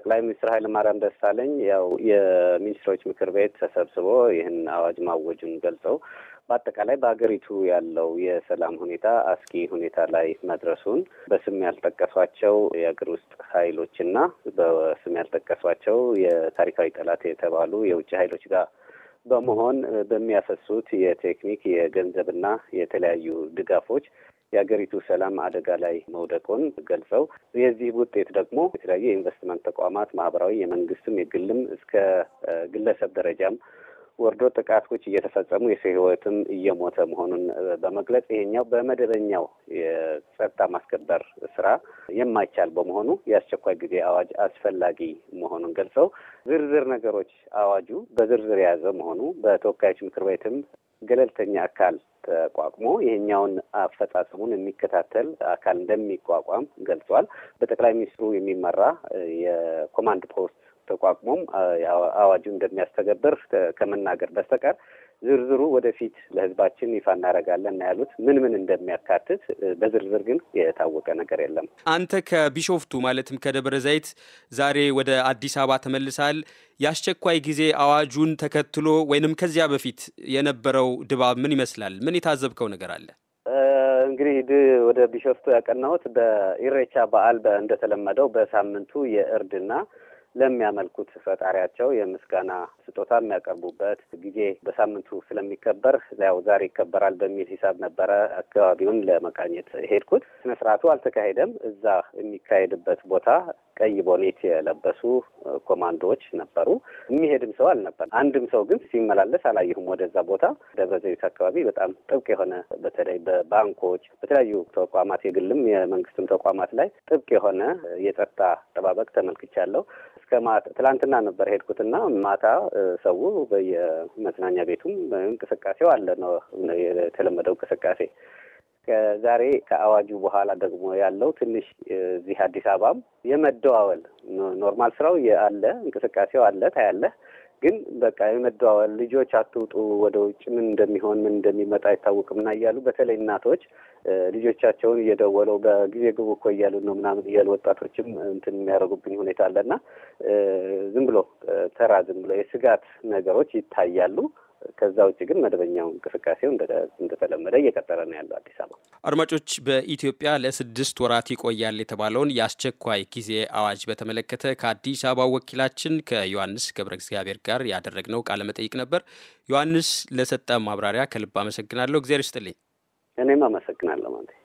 ጠቅላይ ሚኒስትር ኃይለማርያም ደሳለኝ ያው የሚኒስትሮች ምክር ቤት ተሰብስቦ ይህን አዋጅ ማወጁን ገልጸው በአጠቃላይ በሀገሪቱ ያለው የሰላም ሁኔታ አስጊ ሁኔታ ላይ መድረሱን በስም ያልጠቀሷቸው የሀገር ውስጥ ኃይሎችና በስም ያልጠቀሷቸው የታሪካዊ ጠላት የተባሉ የውጭ ኃይሎች ጋር በመሆን በሚያፈሱት የቴክኒክ የገንዘብና የተለያዩ ድጋፎች የሀገሪቱ ሰላም አደጋ ላይ መውደቁን ገልጸው የዚህ ውጤት ደግሞ የተለያዩ የኢንቨስትመንት ተቋማት ማህበራዊ፣ የመንግስትም የግልም እስከ ግለሰብ ደረጃም ወርዶ ጥቃቶች እየተፈጸሙ የሰው እየሞተ መሆኑን በመግለጽ ይሄኛው በመደበኛው የጸጥታ ማስከበር ስራ የማይቻል በመሆኑ የአስቸኳይ ጊዜ አዋጅ አስፈላጊ መሆኑን ገልጸው ዝርዝር ነገሮች አዋጁ በዝርዝር የያዘ መሆኑ በተወካዮች ምክር ቤትም ገለልተኛ አካል ተቋቁሞ ይህኛውን አፈጻጸሙን የሚከታተል አካል እንደሚቋቋም ገልጿል። በጠቅላይ ሚኒስትሩ የሚመራ የኮማንድ ፖስት ተቋቁሞም አዋጁ እንደሚያስተገብር ከመናገር በስተቀር ዝርዝሩ ወደፊት ለህዝባችን ይፋ እናደርጋለን ና ያሉት። ምን ምን እንደሚያካትት በዝርዝር ግን የታወቀ ነገር የለም። አንተ ከቢሾፍቱ ማለትም ከደብረ ዘይት ዛሬ ወደ አዲስ አበባ ተመልሳል። የአስቸኳይ ጊዜ አዋጁን ተከትሎ ወይንም ከዚያ በፊት የነበረው ድባብ ምን ይመስላል? ምን የታዘብከው ነገር አለ? እንግዲህ ወደ ቢሾፍቱ ያቀናሁት በኢሬቻ በዓል እንደተለመደው በሳምንቱ የእርድና ለሚያመልኩት ፈጣሪያቸው የምስጋና ስጦታ የሚያቀርቡበት ጊዜ በሳምንቱ ስለሚከበር ያው ዛሬ ይከበራል በሚል ሂሳብ ነበረ አካባቢውን ለመቃኘት ሄድኩት። ስነስርዓቱ አልተካሄደም። እዛ የሚካሄድበት ቦታ ቀይ ቦኔት የለበሱ ኮማንዶዎች ነበሩ። የሚሄድም ሰው አልነበር። አንድም ሰው ግን ሲመላለስ አላየሁም። ወደዛ ቦታ ደብረ አካባቢ በጣም ጥብቅ የሆነ በተለይ በባንኮች፣ በተለያዩ ተቋማት የግልም የመንግስትም ተቋማት ላይ ጥብቅ የሆነ የጸጥታ አጠባበቅ ተመልክቻለሁ። እስከ ትላንትና ነበር ሄድኩትና ማታ ሰው በየመዝናኛ ቤቱም እንቅስቃሴው አለ ነው የተለመደው እንቅስቃሴ ከዛሬ ከአዋጁ በኋላ ደግሞ ያለው ትንሽ እዚህ አዲስ አበባም የመደዋወል ኖርማል ስራው አለ፣ እንቅስቃሴው አለ፣ ታያለህ። ግን በቃ የመደዋወል ልጆች አትውጡ ወደ ውጭ ምን እንደሚሆን ምን እንደሚመጣ አይታወቅም እና እያሉ በተለይ እናቶች ልጆቻቸውን እየደወለው በጊዜ ግቡ እኮ እያሉ ነው ምናምን እያሉ ወጣቶችም እንትን የሚያደርጉብኝ ሁኔታ አለ አለና ዝም ብሎ ተራ ዝም ብሎ የስጋት ነገሮች ይታያሉ። ከዛ ውጭ ግን መደበኛው እንቅስቃሴው እንደተለመደ እየቀጠለ ነው ያለው። አዲስ አበባ አድማጮች፣ በኢትዮጵያ ለስድስት ወራት ይቆያል የተባለውን የአስቸኳይ ጊዜ አዋጅ በተመለከተ ከአዲስ አበባ ወኪላችን ከዮሐንስ ገብረ እግዚአብሔር ጋር ያደረግነው ቃለ መጠይቅ ነበር። ዮሐንስ፣ ለሰጠ ማብራሪያ ከልብ አመሰግናለሁ። እግዚአብሔር ይስጥልኝ። እኔም አመሰግናለሁ ማለት